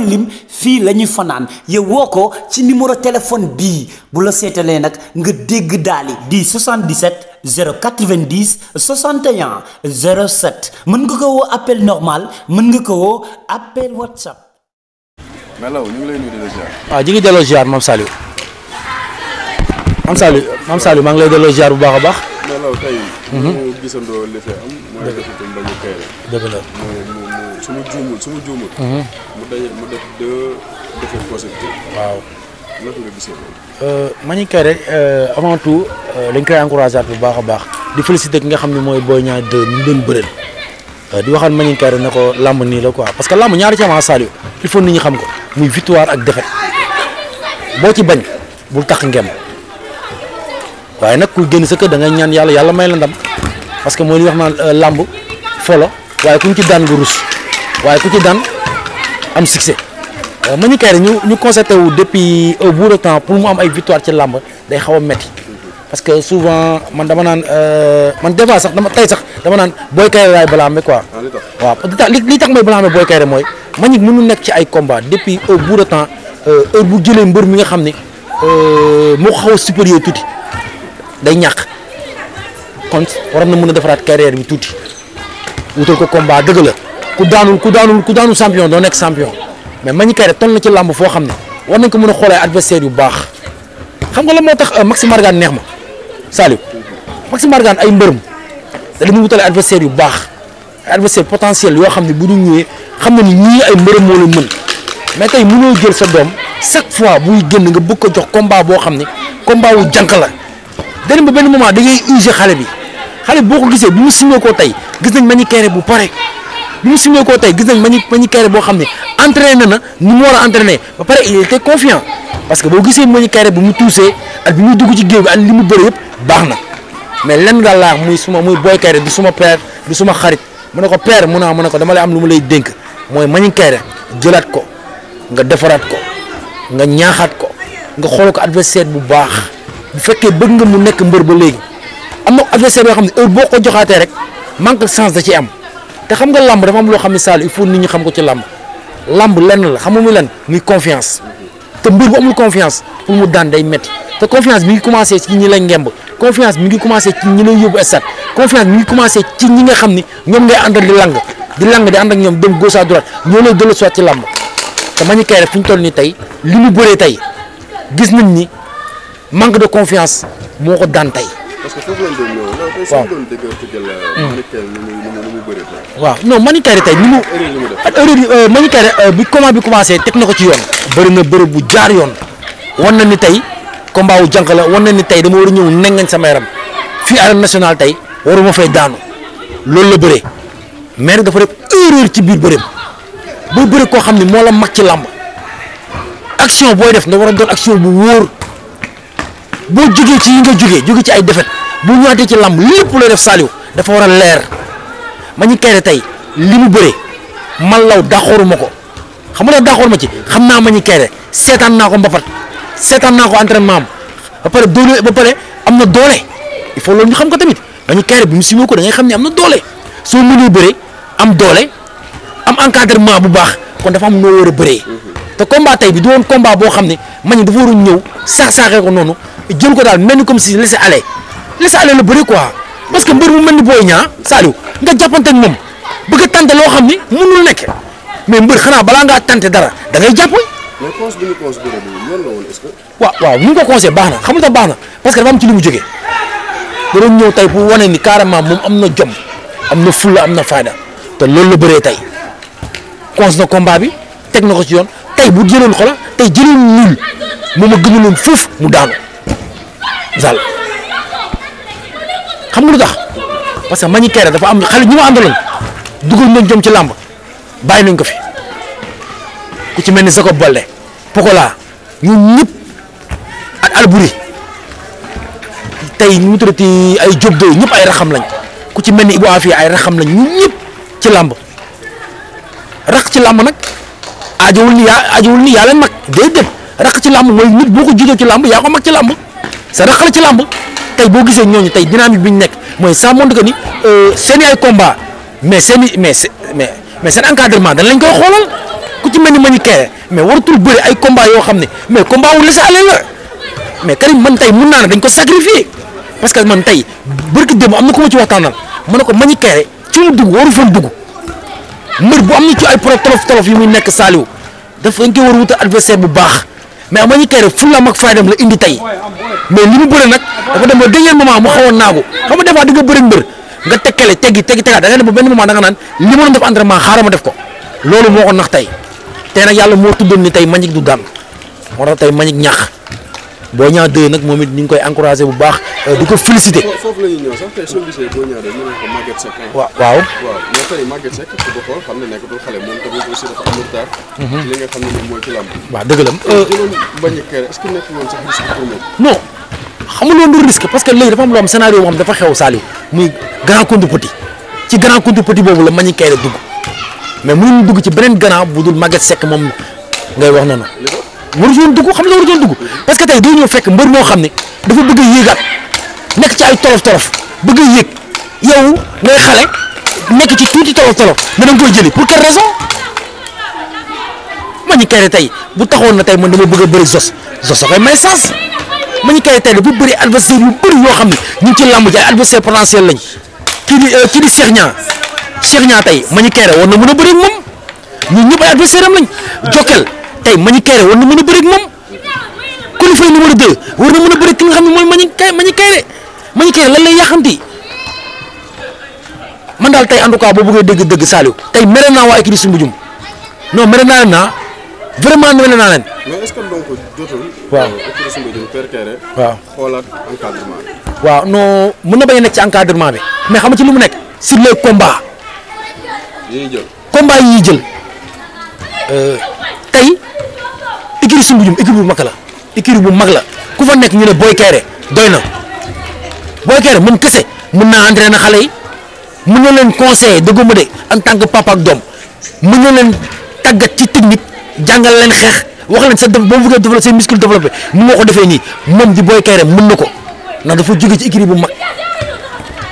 doon lim fii la fanaan yow woo ko ci numéro téléphone bii bu la seetalee nag nga dégg daali di 77 090 61 07 mën nga ko woo appel normal mën nga ko woo appel whatsapp. Melaw ñu ngi lay nuyu di la ziar. waaw ah, ñu ngi delloo ziar Mame a baax. Mhm. su ma juumul su ma juumul. Mhm. mu daje mu def deux défaites consécutives. waaw naka euh, euh, avant tout euh, dañ koy encouragé bu baax a baax di félicité ki nga xam ne mooy booy ñaar 2 ñu doon bëreel di waxal Manick Kaïré na ko làmb nii la quoi parce que làmb ñaar ci amaa Saliou il faut nit ñi xam ko muy victoire ak défaite boo ci bañ bul tax ngem waaye nag kuy génn sa kër da ñaan yàlla yàlla may la ndam parce que mooy li wax naan làmb folo waaye kuñ ci daan nga rus waaye ku ci daan am succès euh, Mbagnick Kaïré ñu ñu constaté wu depuis un bout temps pour mu am ay victoire ci làmb day xaw a metti parce que souvent man dama naan euh, man des fois sax dama tey sax dama naan Boy Kaïré laay blâmer quoi. Ah, waaw li li tax may blâmer Boy Kaïré mooy Mbagnick mu nekk ci ay combat depuis un bout de temps euh, heure bu jëlee mbër mi nga xam ni moo xaw a supérieur tuuti day ñàkk kon waroon na mën a defaraat carrière bi tuuti wutal ko combat dëgg la. ku daanul ku daanul ku daanul champion doo nekk champion mais Magny Kaïré toll na ci làmb foo xam ne war nañ ko mën a xoolee adversaire yu baax xam nga la moo tax euh, Maxi Margane neex ma Saliou Maxi Margane ay mbërëm da dañu wutale adversaire yu baax adversaire potentiel yoo xam ne bu ñu ñëwee xam na ni ay mbërëm moo la mën mais tey mënoo jël sa doom chaque fois buy génn nga bëgg ko jox combat boo xam ne combat wu jànk la dañu ba benn moment da ngay user xale bi xale boo ko gisee bu mu signé koo tey gis nañ Magny Kaïré bu pare bi mu signé koo tey gis nañ ma ñu ma boo xam ne entraîné na ni mu war a entraîné ba pare il était confiant parce que boo gisee ma ñu bu mu tuusee ak bi muy dugg ci géew bi ak li mu bëri yëpp baax na mais lenn daal laa muy suma muy Boy Kairé du suma père du suma xarit mu na ko père mu naa mu ne ko dama lay am lu ma lay dénk mooy ma kayre jëlaat ko nga defaraat ko nga ñaaxaat ko nga xool ko adversaire bu baax bu fekkee bëgg nga mu nekk mbër ba léegi am na adversaire yoo xam ne heure boo ko joxaatee rek manque de chance da am. te xam nga làmb dafa am loo xam ne Saliou il faut nit ñi xam ko ci làmb làmb lenn la xamu muy lenn muy confiance te mbir bu amul confiance pour mu daan day métti te confiance mi ngi commencé ci ñi lay ngemb confiance mi ngi commencé ci ñi lay yóbbu commencé ci ñi nga xam ni ñoom ngay àndal di lang di lang di ànd ak ñoom dem gauche à droite ñoo lay dellu soit ci làmb te ma ñu kay rek fi ñu toll nii tey li mu bëree tey gis nañ ni manque de confiance moo ko daan tey parce que foofu lañ doon ñëw. waaw tey soo doon dëgg tëggal. Euh, hmm. Manickaire nu muy nu muy bëree tey. waaw non Manickaire tey ni mu. erreur yi mu def ak erreur yi euh, euh, bi comment bi commencé teg na ko ci yoon. bëri na bërëb bu jaar yoon. wan na ni tey combat wu la wan na ni tey dama war a ñëw nengañ sama yaram fii arène nationale tey waruma fay daanu loolu la bëree mais nag dafa def erreur ci biir bëreem boo bëree koo xam ne moo la mag ci làmb action booy def nga war a doon action bu wóor. boo jógee ci yi nga jógee jóge ci ay defet bu ñëwaatee ci làmb lépp looy def Saliou dafa war a leer ma ñu kayre tey li mu bëre man law daxooruma ko xam nga daxooruma ci xam naa ma ñu kayre seetaan naa ko mbapat seetaan naa ko entraînement am ba pare doole ba pare am na doole il faut loolu ñu xam ko tamit ma ñu kayre bi mu simee ko da xam ne am na doole soo mënee bëree am doole am encadrement bu baax kon dafa am noo war a bëree. te combat tey bi du woon combat boo xam ne Manick dafa waroon ñëw saax saaxee ko noonu jël ko daal mel ni comme si laisser aller laisser aller la bëri quoi parce que mbër mu mel ni Boy Niang Saliou nga jàppante ak moom bëgg a tante loo xam ni mënul nekk mais mbër xanaa balaa ngaa tante dara da ngay jàpp. mais cons bi ñu cons bi noonu la woon est-ce que. waaw waaw ni ñu ko conseillé baax na xam nga baax na parce que dafa am ci li mu jógee da doon ñëw tey pour wane ni carrément moom am na jom am na fulla am na fayda te loolu la bëree tey cons na combat bi teg na ko ci yoon tey bu jëloon xola tey jëloon nul moom a gënaloon foofu mu daanu zal xam nga lu tax parce que Magny Kairé dafa am xale ñu ma àndaloon dugal nañ jom ci làmb bàyyi nañ ko fi ku ci mel ni Jacob Baldé Pokola ñun ñëpp ak Albouri tey ñu tuddati ay Diop doy ñëpp ay raxam lañ ku ci mel ni Ibou Afia ay raxam lañ ñun ñëpp ci làmb rax ci làmb nag. ajowul ni yaa ajowul mag yaa dem mag ci làmb mooy nit boo ko judoo ci làmb yaa ko mag ci làmb sa raq la ci làmb tey boo gisee ñooñu tey dynamique bi ñu nekk mooy ça montre que ni euh, seen ay combat mais seen i mais mais mais seen encadrement dañ lañ koy xoolal ku ci mel ni ma ñu kee mais waratul bëri ay combat yoo xam ne mais combat wu sa aller la mais Karim man tey mun naa ne dañ ko sacrifier parce que man tey barki démb am na ku ma ci waxtaanal ma ne ko ma ñu kee ci mu dugg waru mbër bu am na ci ay pro tolof tolof yi muy nekk Saliou dafa nga war wuta adversaire bu baax mais a ñu kay rek fullaam ak faydam la indi tey mais li mu bëre nag dafa dem ba dernier moment mu xawoon naagu xam nga des fois di nga bëri mbër nga tekkale teggi teggi tegaat da nga dem ba benn moment da nga naan li ma doon def entraînement xaaral ma def ko loolu moo ko nax tey tey nag yàlla moo tuddoon ni tey Mbagnick du daan moo tax tey Mbagnick ñax boo ñaa dëy nag moom it ñu ngi koy encouragé bu baax euh, di ko félicité. foofu la ñuy ñëw sax tey soo gisee waaw dëgg la. jëloon euh, bañ a kër est-ce xamuloon du risque parce que léegi dafa am loo am scénario moom dafa xew Saliou muy grand contre petit ci grand contre boobu la mañi kayre dugg mais mënuñ dugg ci beneen grand bu dul Maguette Seck moom ngay wax noonu waru ci woon dugg xam nga waru ci woon dugg parce que tey doo ñëw fekk mbër moo xam ne dafa bëgg a nekk ci ay tolof tolof bëgg a yéeg yow ngay xale nekk ci tuuti tolof tolof mais da koy jëli pour quelle raison ma ñu kay tey bu taxoon na tey man dama bëgg a bëri zos zos koy may sens ma ñu kay tey bu bëri adversaire yu bëri yoo xam ne ñu ci làmb ji ay adversaire potentiel lañ kii di euh, kii di Cheikh Niang tey ma ñu kay war na mën a bëri moom ñun ñëpp tey Manick Kaïré war na mën a bëri war na mën ki nga xam ne mooy mañi Kaïré Manick Kaïré Manick Kaïré lan lay yàqanti man daal tey en tout cas boo bëggee dëgg dëgg Saliou tey mere naa waa équipe Soumbédioune non mere naa naa ah. vraiment mere waaw équipe Soumbédioune mën na bañ a nekk ci encadrement bi mais xam ci li mu nekk sur les combats. yi ñuy yi jël. Euh, écurie Soumbédioune écurie bu mag la écurie bu mag la ku fa nekk ñu ne Boy Kéré doy na Boy Kéré moom kese mën naa entraîner na xale yi mun na leen conseiller dëggu ma de en tant que papa ak doom mën na leen tàggat ci technique jàngal leen xeex wax leen sa def boo bëggee développé seen muscle développé ni nga ko defee nii moom di Boy Kéré mën na ko ndax dafa jóge ci écurie bu mag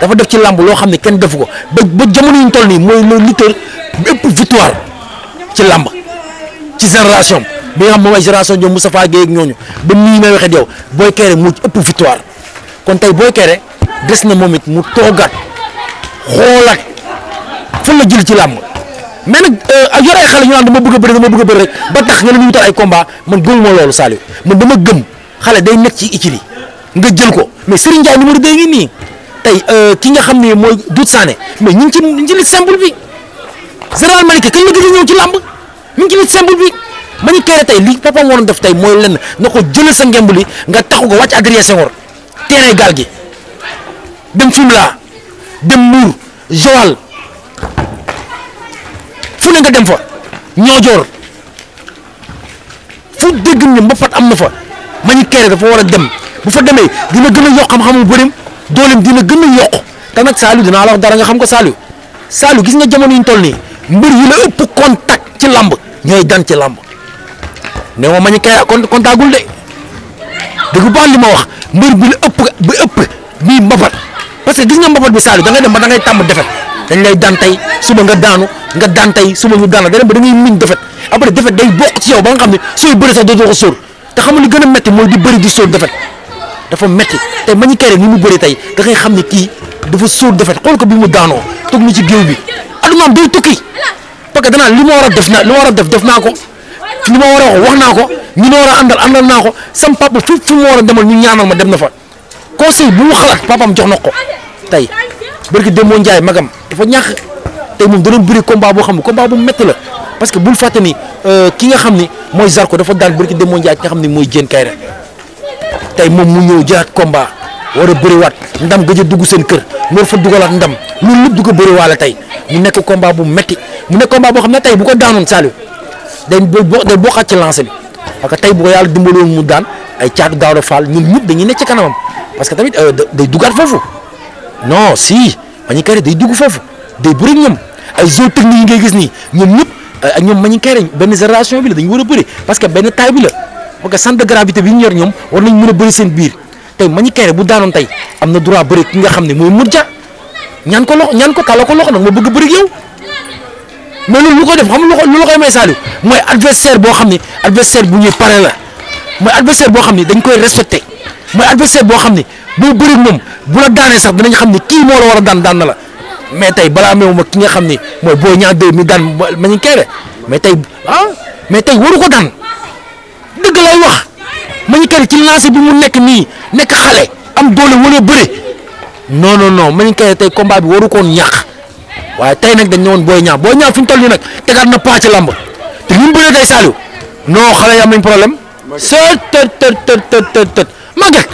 dafa def ci làmb loo xam ne kenn defu ko ba ba jamono yuñ toll nii mooy le lutteur bu ëpp victoire ci làmb ci bi nga xam moom ay génération ñoom Moustapha Guèye ak ñooñu ba nii may waxee yow Boy Kéré mu ëpp victoire kon tey Boy Kéré des na moom it mu toogaat xoolaat fan la jël ci làmb mais nag euh, ak yor ay xale ñu naan dama bëgg a bëri dama a bëri rek ba tax nga ne ñu wutal ay combat man gëmuma loolu Saliou man dama gëm xale day nekk ci Ikili nga jël ko mais Serigne Ndiaye numéro 2 ngi nii tey euh, ki nga xam ne mooy Doudou Sané mais ñu ngi ci ñu ngi simple bi général Malika kañ la gën a ci làmb ñu ngi simple bi. Mbagnick Kairé tey li papam waroon def tey mooy lenn na ko jëlee sa ngemb li nga taxu ko wàcc Adrien Senghor terrain gaal gi dem Fimela dem Mbour Joal fu ne nga dem fa Niodior fu dégg ne mbapat am na fa Mbagnick Kairé dafa war a dem bu fa demee dina gën a yokk xam-xamu bërim dooleem dina gën a yokk te nag Saliou dinaa la wax dara nga xam ko Saliou Saliou gis nga jamono yi ñu toll nii mbër yi la ëpp contact ci làmb ñooy dan ci làmb ne ma mañu kay kon kontaagul de dëgg baax li ma wax mbër bi la ëpp bi ëpp bii mbapat parce que gis nga mbapat bi Saliou da ngay dem ba da ngay tàmm defet dañ lay daan tey suba nga daanu nga daan tey suba ñu daan la ba da ngay miin defet après defet day bokk ci yow ba nga xam ne sooy bëri sax dootoo ko sóor te xam lu gën a métti mooy di bëri di sóor defet dafa métti te mañu kay rek ni mu bëri tey da ngay xam ne kii dafa sóor defet xool ko bi mu daanoo toog ni ci géew bi adunaam day tukki parce que danaa li ma war a def na li ma war a def def naa ko li ma war a wax naa ko ñi ma war a àndal àndal naa ko sam papa fu fu war a demal ñu ñaanal ma dem na fa conseil bu mu xalaat papam jox na ko tey barki Demba Ndiaye magam dafa ñàkk tey moom dana doon bëri combat boo xam ne combat bu métti la parce que bul fàtte ni euh, ki nga xam ni mooy Zarko dafa daan barki Demba Ndiaye ki nga xam ni mooy Diène Kaïré tey moom mu ñëw jëlaat combat war a bëriwaat ndam gëj a dugg seen kër war fa dugalaat ndam loolu lépp du ko bëriwaale tey mu nekk combat bu metti mu nekk combat boo xam ne tey bu ko daanoon Saliou day boo bokkaat ci lancé bi parce que tey boo yàlla dimbaloon mu daan ay caatu Daouda Fall ñun ñëpp dañuy nekk ci kanamam parce que tamit euh, day duggaat foofu non si Manick Kaïré day dugg foofu day bëri ñoom ay zone technique ngay gis nii ñoom ñëpp euh, ak ñoom Manick Kaïré benn génération bi la dañu war a bëri parce que benn taille bi la parce que centre de bi ñu yor ñoom war nañ mën a bëri seen biir tey Manick Kaïré bu daanoon tey am na droit bëri ki nga xam ne mooy mujja ñaan ko loxo ñaan ko kàlla ko loxo bëgg bëri yow. mais loolu lu koy def xam nga lu ko lu mooy adversaire boo xam ne adversaire bu ñuy pare la mooy adversaire boo xam ne dañ koy respecté mooy adversaire boo xam ne boo bëri moom bu la daanee sax dinañ xam ne kii moo la war a daan daan na la mais tey balaa meew ma ki nga xam ne mooy boo ñaa deux mi daan ma ñu keebe mais tey ah mais tey waru ko daan dëgg lay wax ma ñu keebe ci lancé mu nekk nii nekk xale am doole wala bëri noo non noo ma ñu keebe tey combat bi waru koon ñàkk. waaye tey nag dañ ne booy Boy Niang ñaa Niang fi mu toll nii nag tegaat na paa ci te li mu bëree day noo non xale yi am nañ problème. seet tët tët tët tët tët tët Maguette.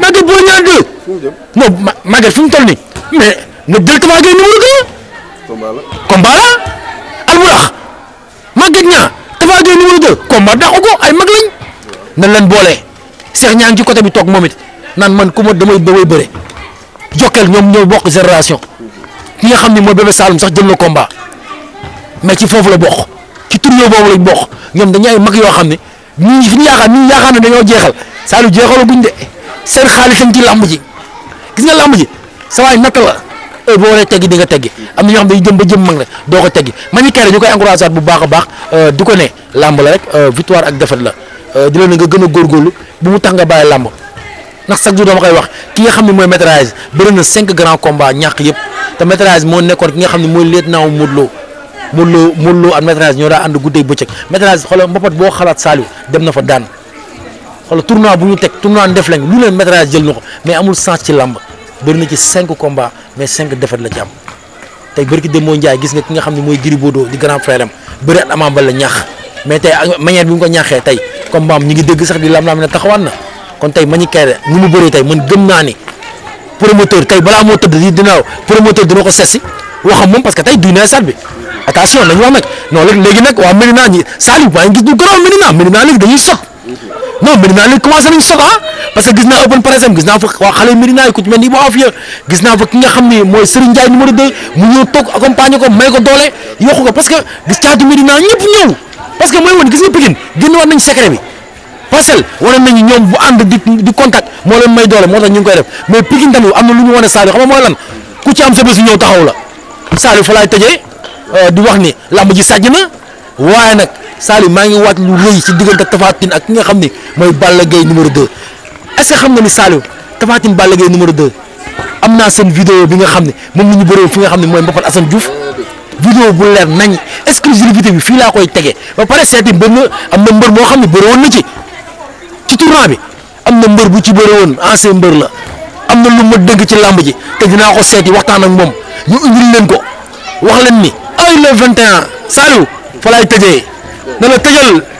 Maguette Boy Niang deux. non ma Maguette fi mu toll nii mais na jël Tapha Gueye numéro deux. combat la combat la alburax Maguette Niang Tapha Gueye numéro deux ko ay mag lañ. nan leen boole Cheikh ñaa ngi côté bi toog moom it man ku ma damay damay bëre Jokal ñoom ñoo bokk génération. ki nga xam ne mooy bébé saalum sax jël na combat mais ci foofu la bokk ci tournoi boobu lañ bokk ñoom dañu ay mag yoo xam ne ñii fi ñu yaakaar ñii yaakaar ne dañoo jeexal Saloum jeexaloo guñ de seen xaalis lañ ci làmb ci gis nga làmb ji sa waay naka la boo waree teggi di nga teggi am na ñoo xam ne dañuy jëm ba jëm mag la doo ko teggi man ñu kay ñu koy encouragé bu baax a baax euh, di ko ne làmb la rek euh, victoire ak défaite la euh, di leen nga gën a góorlu bu mu tax nga bàyyi làmb ndax chaque jour dama koy wax ki nga xam ne mooy métrage bëri na cinq grands combats ñàkk yëpp te métrage moo nekkoon ki nga xam ne mooy leet naaw Modou Lo Lo Modou Lo ak métrage ñoo daa ànd guddeeg bëccëg métrage xoolal mbapat boo xalaat Saliou dem na fa daan xoolal tournoi bu ñu teg tournoi def lañ lu leen métrage jël na ko mais amul sens ci làmb bëri na ci cinq combats mais cinq défaites la ci am tey bërki Demba Ndiaye gis nga ki nga xam ne mooy Gris Bordeaux di grand frère am bëri at Ama Baldé la ñaax mais tey manière bi mu ko ñaaxee tey combat am ñu ngi dégg sax di lam-lam ne taxawaan na kon tey ma ñu kay nu mu bëree tey man gëm naa ni promoteur tey balaa moo tëdd dina promoteur dina ko seet si waxam moom parce que tey duy na stade bi attention nañu wax nag non léegi waa Medina ñi Saliou ngi gis ñu gërëm Medina Medina léegi dañuy ah, que gis naa open par gis naa fa waa xale Medina yi ku ci mel ni waa Afia gis naa fa ki ko may ko doole yokku ko parce que gis caatu Medina ñëpp ñëw parce que mooy woon gis nga Pikine génn war nañ secret bi. parcelle wane nañu ñoom bu ànd di contact moo leen may doole moo tax ñu ngi koy def mais Pikine tamit am na lu ñu wane Saliou xam nga mooy lan ku ci am sa bés ñëw taxaw euh, di wax ni làmb ji sàjj na waaye nag Saliou maa ngi waat lu rëy diggante Tapha Tine ak ki nga xam ni mooy Balla Gaye numéro 2 est-ce que xam nga ni Saliou Tapha Tine Balla Gaye naa seen vidéo bi nga xam ne moom la ñu bëree fi nga xam ne mooy Mbapat Assane Diouf. vidéo bu leer nañ exclusivité bi fii laa koy tege ba pare seeti mbër na am na mbër moo xam ne bëri woon na ci tournoi bi am na mbër bu ci bëre woon ancien mbër la am na lu ma dëgg ci làmb ji te dinaa ko seeti waxtaan ak moom ñu indil ko wax leen ni ay le 21 Saliou fa laay tëjee na la tëjal